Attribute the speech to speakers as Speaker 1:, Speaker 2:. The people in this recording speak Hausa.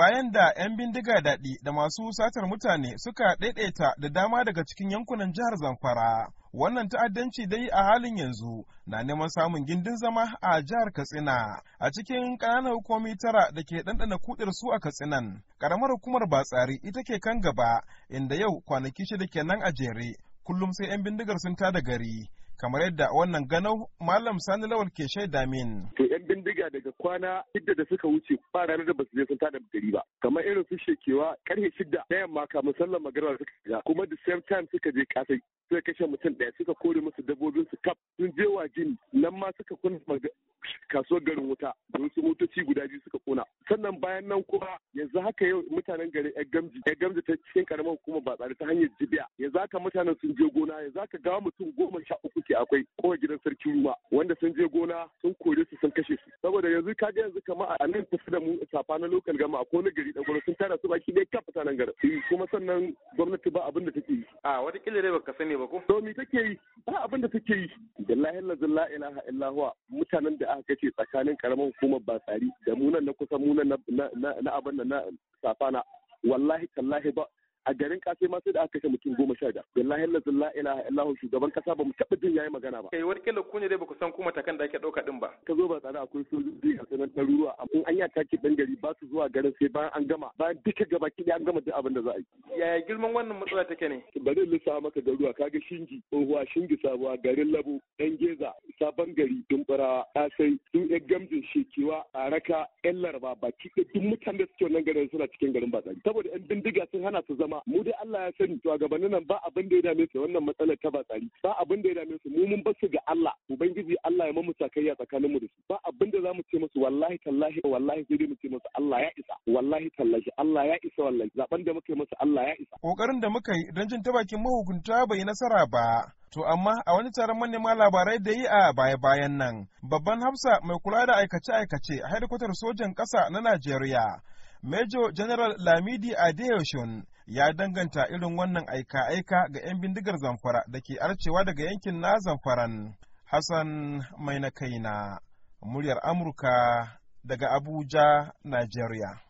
Speaker 1: bayan da 'yan bindiga daɗi da masu satar mutane suka ɗaiɗaita da dama daga cikin yankunan jihar Zamfara. Wannan ta'addanci dai a halin yanzu na neman samun gindin zama a jihar Katsina a cikin ƙananan hukumomi tara da ke ɗanɗana kuɗir su a Katsinan. Ƙaramar hukumar Batsari ita ke kan gaba inda yau kwanaki shida kenan a jere kullum sai 'yan bindigar sun tada gari kamar yadda wannan ganau malam sani lawal ke shaida min.
Speaker 2: to yan bindiga daga kwana shidda da suka wuce ba ranar da basu je sun tada gari ba kamar irin su shekewa karfe shidda na yamma kamun sallar magana suka shiga kuma the same time suka je kasai suka kashe mutum ɗaya suka kore musu dabbobin su kaf sun je wa jini nan ma suka kunna kasuwar garin wuta don su motoci guda biyu suka kona sannan bayan nan kuma yanzu haka yau mutanen gari ya gamji ta cikin karamar hukumar ba tsare ta hanyar jibiya yanzu haka mutanen sun je gona yanzu haka gawa mutum goma sha uku ke akwai kowa gidan sarki ruwa wanda sun je gona sun kore su sun kashe su saboda yanzu ka ga yanzu kamar a nan tafi da mu safa na lokal gama ko na gari da sun tara su baki ne kafa fita nan eh, kuma sannan gwamnati ba abin da take yi a wata kila dai baka sani ba ko to me take yi ba abin da take yi billahi la ilaha illa huwa mutanen da aka kace tsakanin karamin hukumar basari da munan na kusa munan na na abin na safana wallahi tallahi ba a garin kasai ma sai da aka kashe mutum goma sha biyar wallahi zalla la ilaha illahu shugaban kasa ba mu taɓa jin yayi magana ba kai
Speaker 3: eh, wani kila kunya dai baku san kuma takan da ake ɗauka din ba
Speaker 2: ka zo ba tsare akwai sojoji a sanar ruwa amma an ya taki dan gari ba su zuwa garin sai bayan an gama bayan duka gaba ki an gama duk abin da za a
Speaker 3: yi yaya girman wannan matsala take ne
Speaker 2: bari lissa maka garuwa kaga shingi tsohuwa shingi sabuwa garin labo dan geza sabon gari dumbura sai su ya gamjin shekewa a raka yan laraba baki da duk mutanen da suke wannan garin suna cikin garin batsari saboda yan bindiga sun hana su zama mu dai Allah ya sani shugabannin nan ba abin da ya dame su wannan matsalar ta batsari ba abin da ya dame su mu mun basu ga Allah ubangiji Allah ya mamu sakayya tsakanin mu da su ba abin da za mu ce musu wallahi tallahi wallahi sai dai mu ce musu Allah ya isa wallahi tallahi Allah ya isa wallahi zaben da muka yi musu Allah ya
Speaker 1: isa kokarin da muka yi don jin ta bakin mahukunta bai nasara ba To amma a wani taron manema labarai da yi a baya-bayan nan, babban hafsa mai kula da aikace-aikace a hedikwatar sojan ƙasa na Najeriya, Major General Lamidi Adeoshun ya danganta irin wannan aika-aika ga 'yan bindigar zamfara da ke arcewa daga yankin na zamfaran. Hassan Mai na kaina, muryar Amurka daga Abuja, Najeriya.